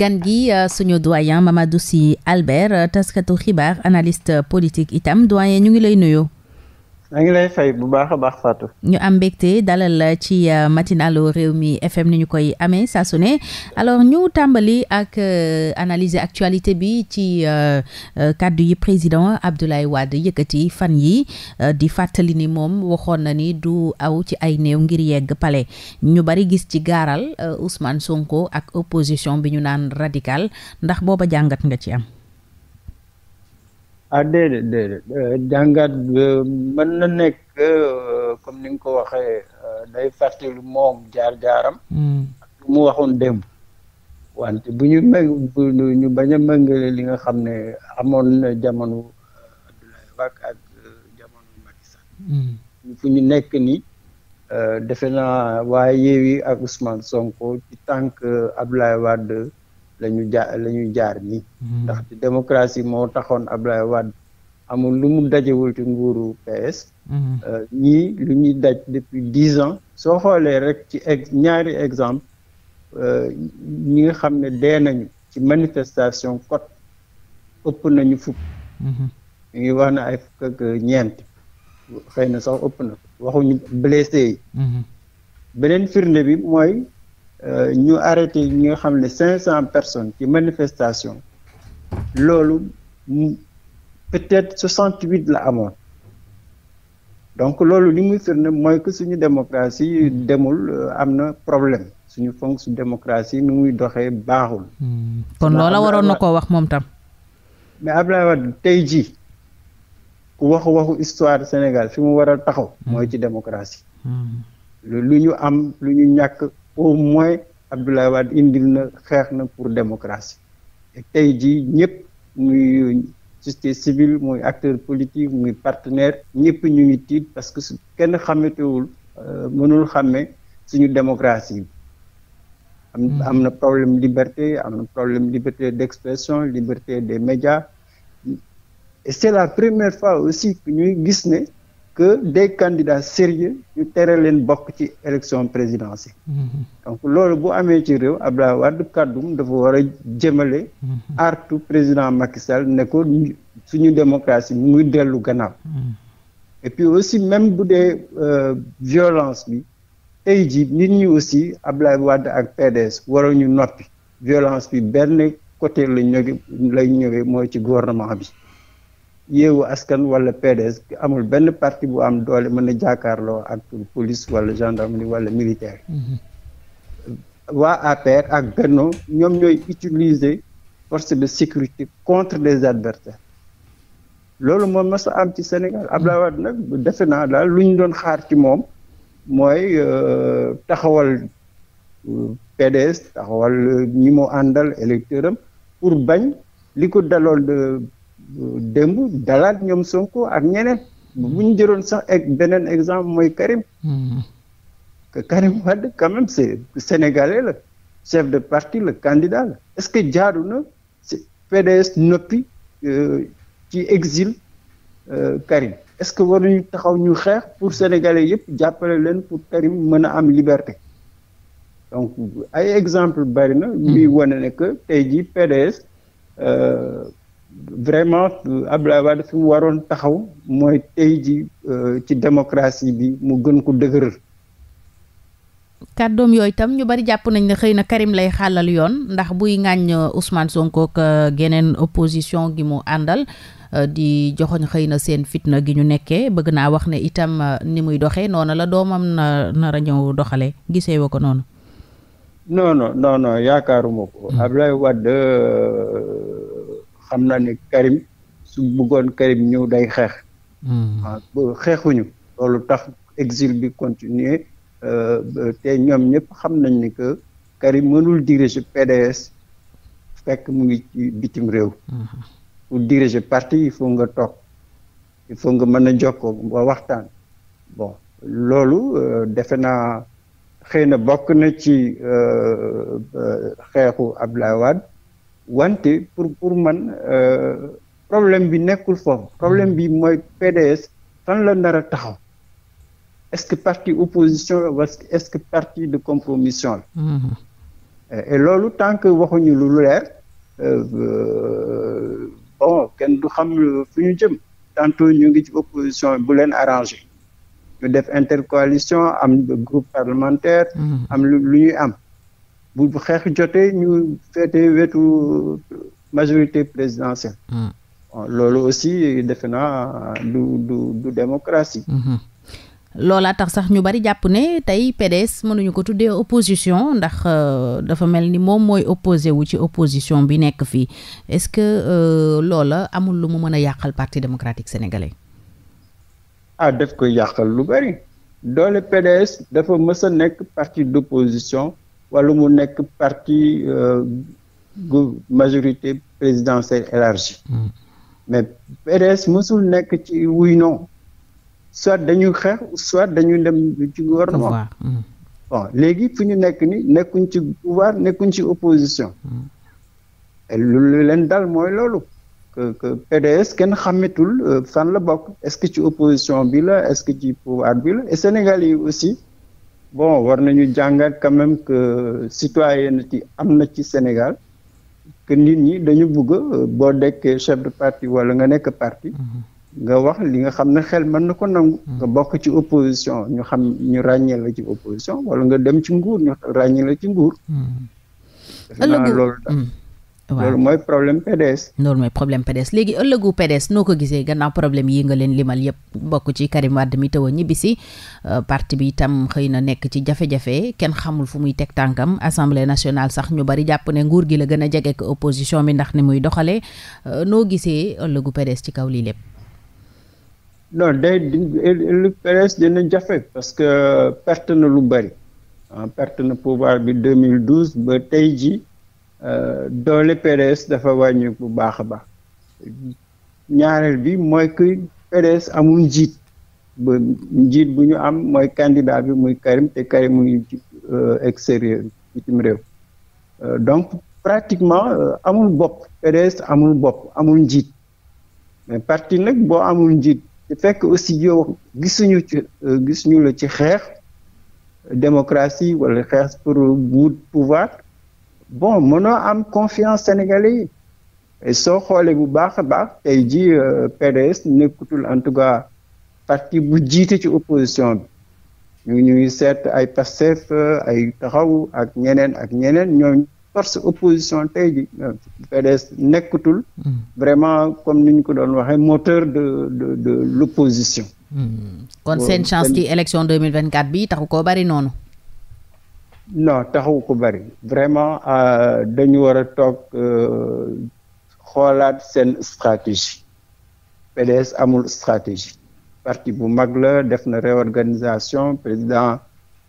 gan gi euh, suñu doyen Mamadou Sy Albert euh, taskatu xibaar analyste politique itam doyen ñu ngi lay nuyu maa ngi lay fay bu baax a baax Fatou. ñu am mbégte dalal ci euh, matinalu Rewmi FM ni ñu koy amee saa su ne alors ñu tàmbali ak euh, analyser actualité bi ci euh, kàddu yi président Abdoulaye Wade yëkkati fan yi di fàttali ni moom waxoon na ni du aw ci ay néew ngir yegg pale ñu bari gis ci gaaral Ousmane Sonko ak opposition bi ñu naan radical ndax booba jàngat nga ci am. ah déedéet déedéet euh, jàngat euh, mën na nekk euh, comme ni ko waxee day fàttali moom jaar-jaaram. Hmm. mu waxoon démb. wante bu ñu méng ñu bañ a méngale li nga xam ne amoon na jamono Abdoulaye ak jamono Macky hmm. fu ñu nekk ni defe naa waa yi ak Ousmane Sonko ci tànk Abdoulaye Wade. la ñu jaar la ñuy jaar nii. Mm-hmm. ndaxte démocratie moo taxoon Ablaye Wade amul lu mu dajewul ci nguuru PS. Mm-hmm. Euh, ñii lu ñuy daj depuis dix ans. soo xoolee rek ci ex ñaari exemple euh, ñi nga xam ne dee nañu ci manifestation kot ëpp nañu fukk. Mm-hmm. ñu ngi wax na ay fukk ak ñeent xëy na sax ëpp na waxuñu blessé yi. beneen firnde bi mooy Euh, ñu arrêté ñi nga xam ne cinq cent personnes ci manifestation loolu peut-être soixante-huit la amoon donc loolu li muy firnde mooy que suñu démocratie demul euh, am na problème suñu fonction démocratie nu muy doxee baaxul. Hmm. kon loola waroon na koo wax moom tam. mais Abdoulaye Wade tey jii ku wax waxu histoire Sénégal fi mu war a taxaw. Hmm. mooy ci démocratie. Hmm. lu ñu am lu ñu ñàkk. au moins Abdoulaye Wade indi na xeex na pour démocratie tey jii ñëpp muy société civile muy acteur politique muy partenaire ñëpp ñu ngi tiit parce que su kenn xamatewul euh, mënul xàmme suñu démocratie bi am hmm. am na problème liberté am na problème liberté d'expression liberté des médias et c'est la première fois aussi que ñuy gis ne que des candidats sérieux ñu tere leen bokk ci élection présidence mhm. donc loolu bu amee ci réew Abdoulaye Wade kàddum dafa war a jëmale mhm. artu président Macky Sall ne ko suñu démocratie mu ngi dellu gannaaw mhm. et puis aussi même bu dee euh, violence bi tey jii nit ñi aussi Abdoulaye Wade ak PDS waroon ñu noppi violence bi benn côté lañ ñëwee lay ñëwee mooy ci gouvernement bi yeewu askan wala PDS amul benn parti bu am doole mën a jàkkaarloo ak police wala gendarmerie wala militaire. Mm-hmm. waa APR ak Benno ñoom ñooy utiliser force de sécurité contre les adversaires loolu moom mës a am ci Sénégal Abdoulaye Wade nag defe naa daal lu ñu doon xaar ci moom mooy euh, taxawal euh, PDS taxawal euh, ñi mu àndal électeur am pour bañ li ko daloon démb dalaat ñoom Sonko ak ñeneen bu ñu jëloon sax ak beneen exemple mooy Karim hmm. que Karim Wade quand même la chef de partie la candidat la est-ce que jaadu na PDS noppi euh, ci exil euh, Karim est-ce que waruñu taxaw ñu xeex pour sénégalais yëpp jàppale leen pour Karim mën a am liberté donc ay exemple bari na. ñuy hmm. wane ne que tey jii PDS. Euh, vraiment Abdoulaye Wade fi mu waroon taxaw mooy tey ji euh, ci démocratie bi mu gën ko dëgëral. kàddoom yooyu tam ñu bari jàpp nañ ne xëy na Karim lay xàllal yoon ndax buy ŋàññ euh, Ousmane sonkook euh, geneen opposition gi mu àndal di joxoñ xëy na seen fitna gi ñu nekkee bëgg naa wax ne itam ni muy doxee noonu la doomam na nara a ñëw doxalee gisee ko noonu. non non yaakaaruma ko. Hmm. Abdoulaye Wade. xam na ni Karim su bëggoon Karim ñëw day xeex. waaw hmm. ah, xeexuñu loolu tax exil bi continuer euh, te ñoom ñëpp xam nañ ni que Karim mënul diriger PDS fekk mu ngi ci bitim réew. Hmm. pour diriger parti il faut nga toog il faut nga mën a jokkoo nga waxtaan bon loolu euh, defe naa xëy na bokk na ci euh, xeexu Abdoulaye Wade. wante pour pour man euh, problème bi nekkul foofu problème bi mooy PDS fan la nar taxaw est-ce que parti opposition la est-ce que parti de compromission la mm-hmm. euh, loolu tant que waxuñu lu leer euh, bon kenn du xam fu ñu jëm tantôt ñu ngi ci opposition bu leen arrangé ñu def intercoalition am groupe parlementaire mm-hmm. am lu ñuy am bu xeex jotee ñu feete wetu majorité présidentielle. Hmm. loolu aussi defe naa du du du démocratie. Hmm. loolaa tax sax ñu bari jàpp ne tey PDS mënuñu ko tuddee opposition ndax euh, dafa mel ni moom mooy opposé wu ci opposition bi nekk fii est-ce que euh, loola amul lu mu mën a yàqal parti démocratique sénégalais. ah daf koy yàqal lu bari doole PDS dafa mës a nekk parti d'opposition. wala mu nekk parti euh, gu majorité présidentielle élargie mm. mais PDS mësul nekk ci wuy non soit dañuy xeex soit dañuy dem ci gouvernement mm. léegi fi ñu nekk ni nekkuñ ci pouvoir nekkuñ ci opposition mm. lu leen dal mooy loolu que que PDS kenn xàmmetul euh, fan la bokk est-ce que ci opposition bi la est-ce que ci pouvoir bi la et Sénégal yi aussi bon war nañu jàngat quand même que citoyenneté am na ci Sénégal que nit ñi dañu bugg euh, boo dekkee chef de parti wala nga nekk parti mhm. nga wax li nga xam ne xel mën na ko nangu mhm. nga bokk ci opposition ñu xam ñu ràññee la ci opposition wala nga dem ci nguur ñu ràññee la ci nguur. Mhm. loolu waaw loolu mooy problème PDS. loolu problème PDS léegi ëllëgu PDS noo ko gisee gannaaw problème yi nga leen limal yépp bokk ci Karim Wade mi taw a ñibbisi euh, parti bi itam xëy na nekk ci jafe-jafe kenn xamul fu muy teg tànkam assemblée national sax ñu bari jàpp ne nguur gi la gën a jege ko opposition bi ndax ni muy doxalee euh, noo gisee ëllëgu PDS ci kaw lii lépp. non day lu PDS dina jafe parce que euh, perte na lu bari ah, perte na pouvoir bi ba tey ji Euh, doole PDS dafa wàññeeku bu baax a baax ñaareel bi mooy que PDS amul njiit ba njiit bu ñu am mooy candidat bi muy Karim te Karim mu ngi ci euh, extérieur bitim réew euh, donc pratiquement amul bopp PDS amul bopp amul njiit mais parti nag boo amul njiit te fekk aussi yow gisuñu ci gisuñu la ci xeex démocratie wala xeex pour wut pouvoir bon mënoo am confiance sénégalais soo xoolee bu baax a baax tey jii euh, PDS nekkutul en tout cas parti bu jiite ci opposition bi ñu ñuy seet ay Pastef euh, ay taxaw ak ñeneen ak ñeneen ñoom force opposition tey ji euh, PDS nekkatul hmm. vraiment comme ni ñu ko doon waxee moteur de de de l'opposition hmm. kon seen chance ci élection 2024 bi taxu ko bari noonu non taxaw ko bëri vraiment euh, dañu war a toog euh, xoolaat seen stratégie PDS amul stratégie partie bu mag la def na réorganisation président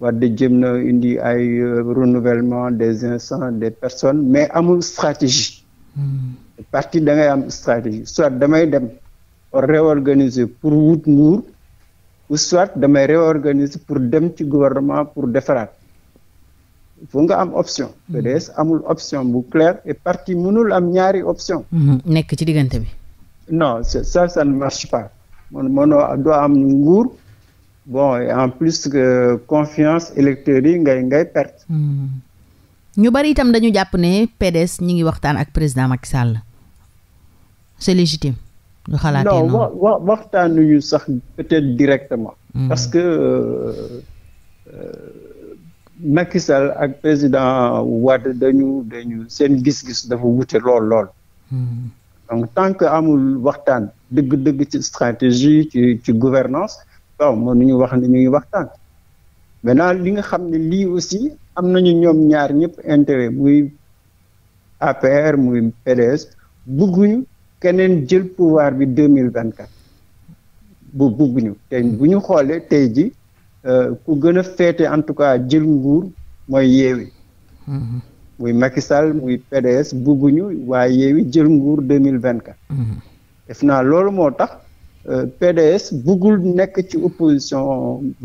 Wade jëm na indi ay euh, renouvellement des instants des personnes mais amul stratégie hmm. partie da ngay am stratégie soit damay dem réorganiser pour wut nguur ou soit damay réorganiser pour dem ci gouvernement pour defaraat il nga am option. Mm-hmm. PDS amul option bu claire et parti mënul am ñaari option. Mm-hmm. nekk ci diggante bi. non ça ça ne marche pas man mënoo doo am nguur bon en plus que confiance électeurs yi ngay ngay perte. Mm-hmm. ñu bari itam dañu jàpp ne PDS ñi ngi waxtaan ak président Macky Sall c'est légitime. ñu xalaatee noonu non wa sax peut directement. parce que. Euh, euh, Macky Sall ak président Wade dañu dañu seen gis-gis dafa wute lool lool. Hmm. donc tant que amul waxtaan dëgg-dëgg ci stratégie ci ci gouvernance nu mënuñu wax ni ñuy waxtaan. maintenant li nga xam ne lii aussi am nañu ñoom ñaar ñëpp intéret muy APR muy PDS bëgguñu keneen jël pouvoir bi deux mille vingt quatre bu bëgguñu te hmm. bu ñu xoolee tey ji Euh, ku gën a féete en tout cas jël nguur mooy yeewi mhm. muy Macky Sall muy PDS bugguñu waaye yeewi jël nguur deux mille vingt quatre mhm. def naa loolu moo tax euh, PDS buggul nekk ci opposition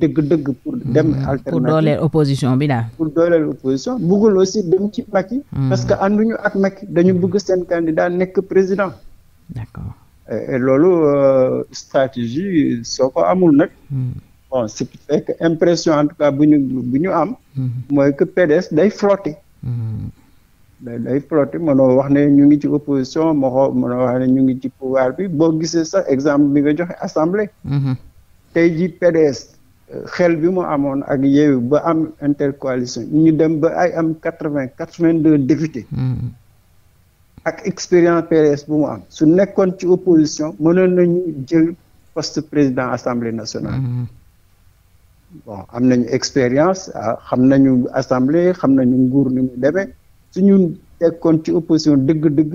dëgg-dëgg pour mhm. dem alternative pour dooleel opposition bi daal pour dooleel opposition buggul aussi dem ci Macky parce que ànduñu ak Macky dañu bëgg seen candidat nekk président d'accord loolu euh, stratégie soo ko amul nag bon ce qui fait que impression en tout cas bu ñu bu ñu am. Mm-hmm. mooy que PDS day flotter. Mm-hmm. day day flotter mënoo wax ne ñu ngi ci opposition mënoo moo wax ne ñu ngi ci pouvoir bi boo gisee sax exemple bi nga joxe assemblée. Mm-hmm. tey ji PDS. xel bi mu amoon ak yeewu ba am intercoalition ñu dem ba ay am quatre vingt quatre vingt deux députés ak expérience PDS bu mu am su nekkoon ci opposition mënoon nañu jël poste président assemblée nationale bon am nañu expérience a ah, xam nañu assemblée xam nañu nguur ni mu demee ñu tekkoon ci opposition dëgg-dëgg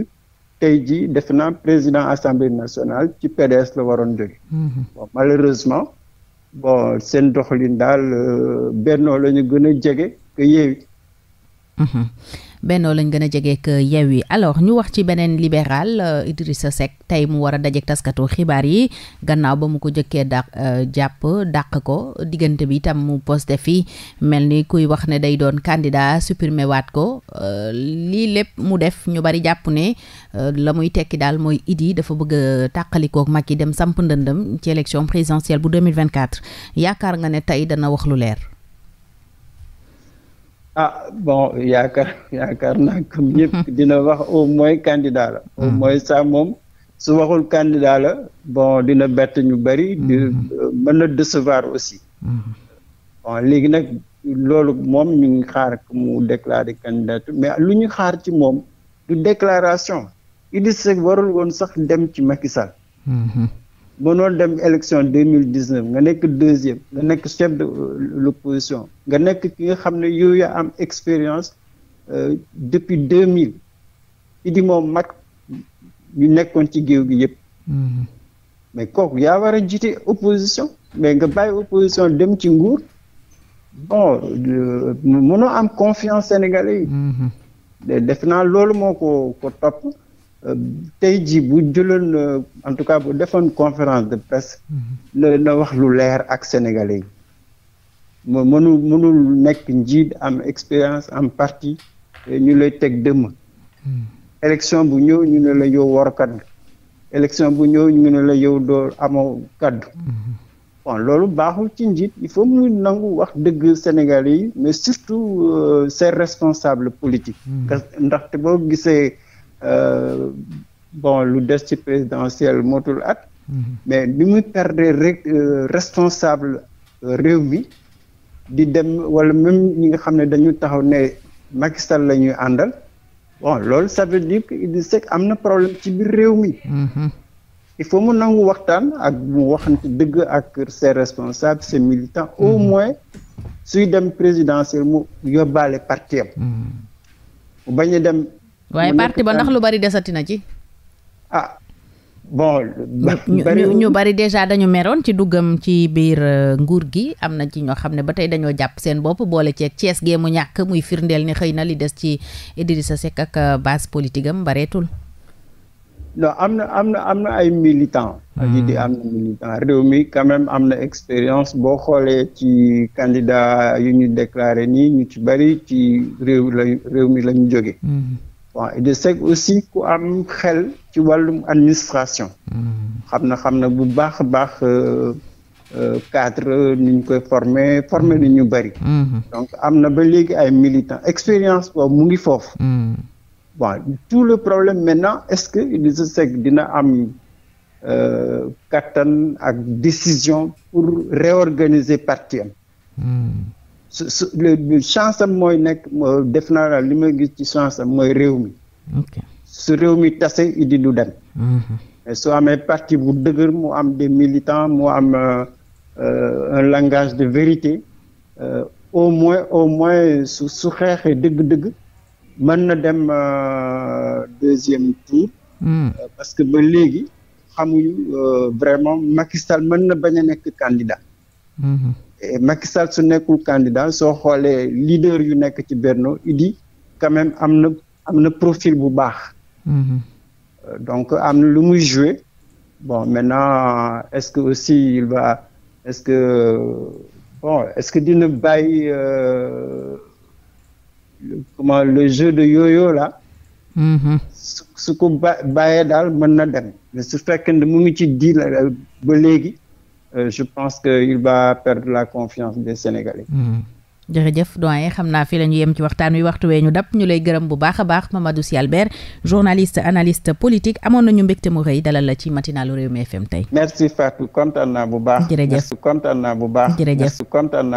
tey jii def na président assemblée nationale ci PDS la waroon jóge mm-hmm. bon malheureusement bon seen doxalin daal euh, bennoo la ñu gën jege que yeewi mm-hmm. bennoo lañ gën a jegeek Yewwi alors ñu wax ci beneen libéral euh, Idrissa Seck tey mu war a dajeek taskatu xibaar yi gannaaw ba mu ko jëkkee dàq euh, jàpp dàq ko diggante bi itam mu poste fi mel ni kuy wax ne day doon candidat supprimer waat ko euh, lii lépp mu def ñu bari jàpp ne la muy tekki daal mooy Idi dafa bëgg a mag Macky dem samp ndëndëm ci élection présidentielle bu 2024 yaakaar nga ne tey dana wax lu leer ah bon yaakaar yaakaar naa comme ñëpp dina wax au moins candidat la. au hmm. moins ça moom su waxul candidat la bon dina bett ñu bëri. Hmm. di mën na décevoir aussi. Hmm. bon léegi nag loolu moom ñu ngi xaar mu déclarer candidature mais lu ñu xaar ci moom du déclaration Idrissa Seck warul woon sax dem ci Macky Sall. mënoo dem élection deux mille dix neuf nga nekk deuxième nga nekk chef de euh, l'opposition nga nekk ki nga xam ne yow yaa am expérience euh, depuis deux mille ki moom mag ñu nekkoon ci géew gi yëpp mm-hmm. mais kooku yaa war a jiite opposition mais nga bàyyi opposition dem ci nguur bon euh, mënoo am confiance sénégalais yi mm-hmm. def naa loolu moo ko ko topp tey jii bu jëloon euh, en tout cas bu defoon conférence de presse. na mhm. na wax lu leer ak sénégalais yi. mo mënul mënul nekk njiit am expérience am parti ñu lay teg dëmm. Mhm. élection bu ñëw ñu la yow war kaddu. élection bu ñëw ñu la yow doo amoo kaddu. Mhm. bon loolu baaxul ci njiit il faut mu nangu wax dëgg Sénégal yi mais surtout euh, ses responsables politiques. ndaxte boo gisee Euh, bon lu des ci présidentiel motul at. Mhm. mais ni muy perdre euh, responsable euh, réew mi di dem wala même ñi nga xam ne dañu taxaw ne Macky Sall la àndal bon loolu ça veut dire que am na problème ci biir réew mi. Mhm. il faut mu nangu waxtaan ak mu waxante dëgg ak ses responsables ses militants au mhm. moins suy dem présidentiel mu yóbbaale parti am. mu bañ a dem waaye parti ba ndax lu bari desati na ci. ah bon. ñu bari déjà dañu meroon ci duggam ci biir euh, nguur gi am na ci ñoo xam ne ba tey dañoo jàpp seen bopp boole ceeg Cees gee mu ñàkk muy firndeel ni xëy na li des ci Idrissa Seck ak euh, base politique am bareetul. non am na am na am na ay militants. yi hmm. militant réew mi quand am na expérience boo xoolee ci candidat yu ñu déclaré nii ñu ci bari ci réew réew mi lañu jóge hmm. bon Idrissa aussi ku am xel ci wàllum administration. Hmm. xam na xam na bu baax a baax euh, euh, cadre ni ñu koy former former ni ñu bëri. Hmm. donc am na ba léegi ay militants expérience boobu mu ngi foofu. bon hmm. tout le problème maintenant est-ce que Idrissa Seck dina am euh, kattan ak décision pour réorganiser parti am. su su chance am mooy nekk def naa daal li may gis ci chance am mooy réew mi. su réew mi tase di du dem. mais mm-hmm. su amee parti bu dëgër mu am des militants mu am euh, euh, un langage de vérité euh, au moins au moins su su xeexee dëgg-dëgg mën na dem deuxième tour. Mm. parce que ba léegi xamuñu vraiment Macky mën na bañ a nekk candidat. Mm-hmm. Eh, Macky Sall su nekkul candidat soo xoolee leader yu nekk ci Benno Idi quand am na am na profil bu baax. Mm-hmm. Euh, donc am na lu muy jouer bon maintenant est-ce que aussi il va est-ce que bon est-ce que dina bàyyi euh, comment le jeu de yo-yo mm-hmm. su su ko bàyyee daal mën na dem mais su fekkee mu ngi ci diil euh, ba léegi. Euh, je pense que il va perdre la confiance des Sénégalais. Mm-hmm. jërëjëf doyen xam naa fi la ñu yem ci waxtaan wi waxtu wee ñu dab ñu lay gërëm bu baax a baax Mamadou Sy Albert journaliste analyste politique amoon nañu mbégte mu rëy dalal la ci matinalu Rewmi FM tey. merci Fatou kontaan naa bu baax. jërëjëf merci kontaan naa bu baax. jërëjëf merci kontaan naa.